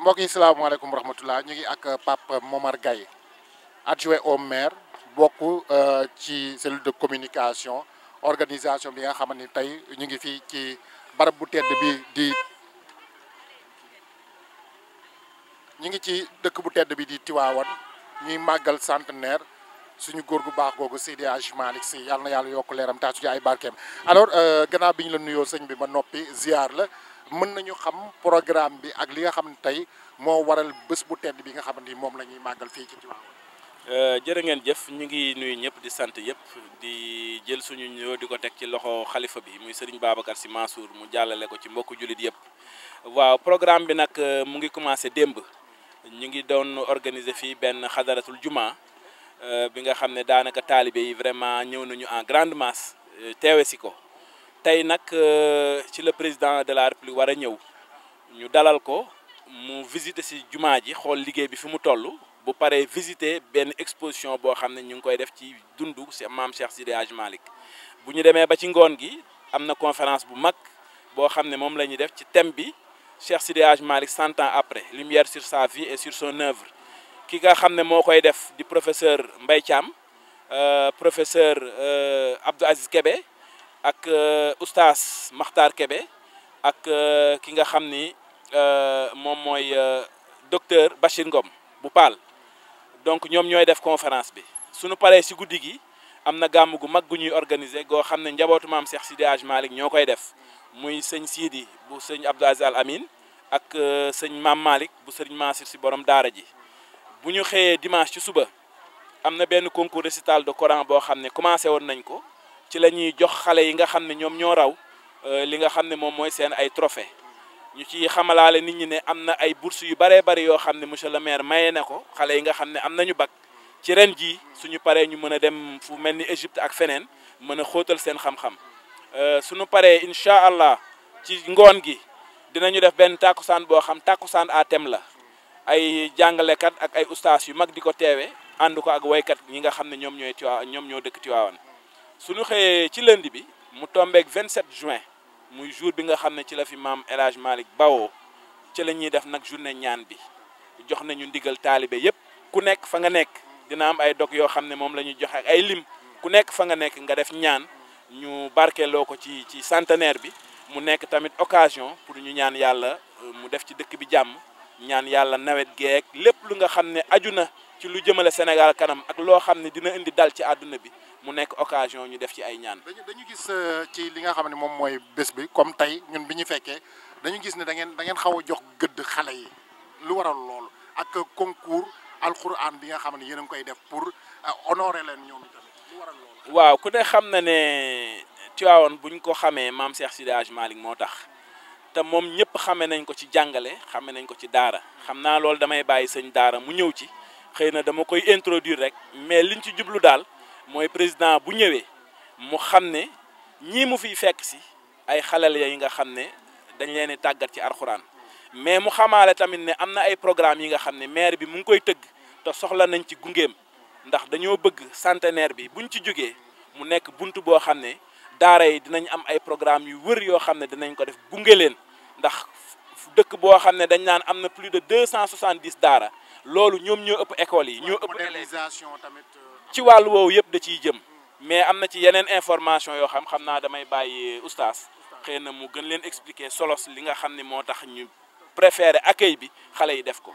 mbokk yi salaamaaleykum wa rahmatulah ñu ngi ak euh, Pape Momar Gaye adjoint au maire bokk euh, ci cellule de communication organisation bi nga xam ne tey ñu ngi fii ci barab bu tedd bi di. ñu ngi ci dëkk bu tedd bi di Tiwaawan ñuy màggal centenaire suñu góor gu baax googu Seydi Hadji Malick Sy yàlla na yàlla yokk leeram tax su ci ay barkeem alors euh, gannaaw bi ñu la nuyoo sëñ bi ma noppi ziar la. mën nañu xam programme bi ak li nga xam ne tey moo waral bés bu tedd bi nga xamante ni moom la ñuy màggal fii ci Tivaouane. Euh, jërë ngeen jëf ñu ngi nuyu ñëpp di sant yëpp di jël suñu nuyoo di ko teg ci loxo xalifa bi muy Serigne Babacar Sy Mansour mu jàllale ko ci mbokku jullit yëpp. waaw programme bi nag euh, mu ngi commencé démb ñu ngi doon organiser fii benn xadaratul juma euh, bi nga xam ne daanaka taalibe yi vraiment ñëw nañu en grande masse teewe si ko. tey nag euh, ci le président de la république war a ñëw ñu dalal ko mu visiter si jumaa ji xool liggéey bi fi mu toll bu paree visiter benn exposition boo xam ne ñu ngi koy def ci dundu si maam Cheikh Sidi Hadj Malick bu ñu demee ba ci ngoon gi am na conférence bu mag boo xam ne moom la ñuy def ci thème bi Cheikh Sidi Hadj Malick cent ans après lumière sur sa vie et sur son œuvre ki nga xam ne moo koy def di professeur Mbaye Thiam euh, professeur euh, Abdou Aziz kebe ak euh, oustaz maxtar Kebe ak euh, ki nga xam ni euh, moom mooy docteur Bachir Ngom bu Paal donc ñoom ñooy def conférence bi suñu paree si guddi gi am na gàmm gu mag gu ñuy organiser goo xam ne njabootu maam Cheikh Sidi Hadj Malick ñoo koy def muy sëñ Sidi bu sëñ Abdou Aziz Al Amin ak sëñ maam Malick bu sëñ Massir si borom daara ji bu ñu xëyee dimanche ci suba am na benn concours récital de Coran boo xam ne commencé woon nañ ko ci la ñuy jox xale yi nga xam ne ñoom ñoo raw euh, li nga xam ne moom mooy seen ay trophée ñu ci xamalaale nit ñi ne am na ay bourse yu bëree bëri yoo xam ne monsieur le maire maye ne ko xale yi nga xam ne am nañu bag ci ren jii suñu paree ñu mën a dem fu mel ni Égypte ak feneen mën a xóotal seen xam-xam euh, suñu paree incha allah ci ngoon gi dinañu def benn tàkkusaan boo xam tàkkusaan à thème la ay jàngalekat ak ay ustaas yu mag di ko teewe ànd ko ak waykat ñi nga xam ne ñooy Tiwaawan ñoom ñoo dëkk Tiwaawan suñu xëyee ci lënd bi mu tombeek vingt 27 juin muy jour bi nga xam ne ci la fi maam El Hadj Malick Bawoo ci la ñuy def nag journée ñaan bi jox nañu ndigal taalibe yëpp ku nekk fa nga nekk dina am ay dog yoo xam ne moom la ñuy joxe ak ay lim ku nekk fa nga nekk nga def ñaan ñu barkeeloo ko ci ci centenaire bi mu nekk tamit occasion pour ñu ñaan yàlla euh, mu def ci dëkk bi jàmm ñaan yàlla nawet geek lépp lu nga xam ne aju na ci lu jëmale Sénégal kanam ak loo xam ne dina indi dal ci àdduna bi mu nekk occasion ñu def ci ay ñaan. dañu dañu gis euh, ci li nga xam ne moom mooy bés bi comme tey ñun bi ñu fekkee dañu gis ne da ngeen da ngeen xaw a jox gëdd xale yi lu waral lool ak concours alquran bi nga xam ne yéen a koy def pour euh, honorer leen ñëw mi lu waral loolu. waaw ku ne xam na ne Tivaouane bu ñu ko xamee maam Cheikh Sidi Hadj moo tax. te moom ñëpp xame nañ ko ci jàngale xame nañ ko ci daara xam naa loolu damay bàyyi sëñ daara mu ñëw ci xëy na dama koy introduire rek mais liñ ci jublu daal mooy président bu ñëwee mu xam ne ñii mu fiy fekk si ay xalal ya yi nga xam ne dañ leen di tàggat ci arxuraan mais mu xamaale tamit ne am na ay programme yi nga xam ne maire bi mu ngi koy tëgg te soxla nañ ci gungeem ndax dañoo bëgg centenaire bi buñ ci jógee mu nekk bunt boo xam ne daara yi dinañ am ay programme yu wër yoo xam ne dinañ ko def gunge leen ndax dëkk boo xam ne dañ naan am na plus de deux cent soixante-dix daara loolu ñoom ñoo ëpp école yi ñoo ëpp élèves euh, ci wàllu woowu yëpp da ciy jëm mais am na ci yeneen information yoo xam xam naa damay bàyyi oustaz xëy na mu gën leen expliquer solos li nga xam ni moo tax ñu préféré accueil bi xale yi def ko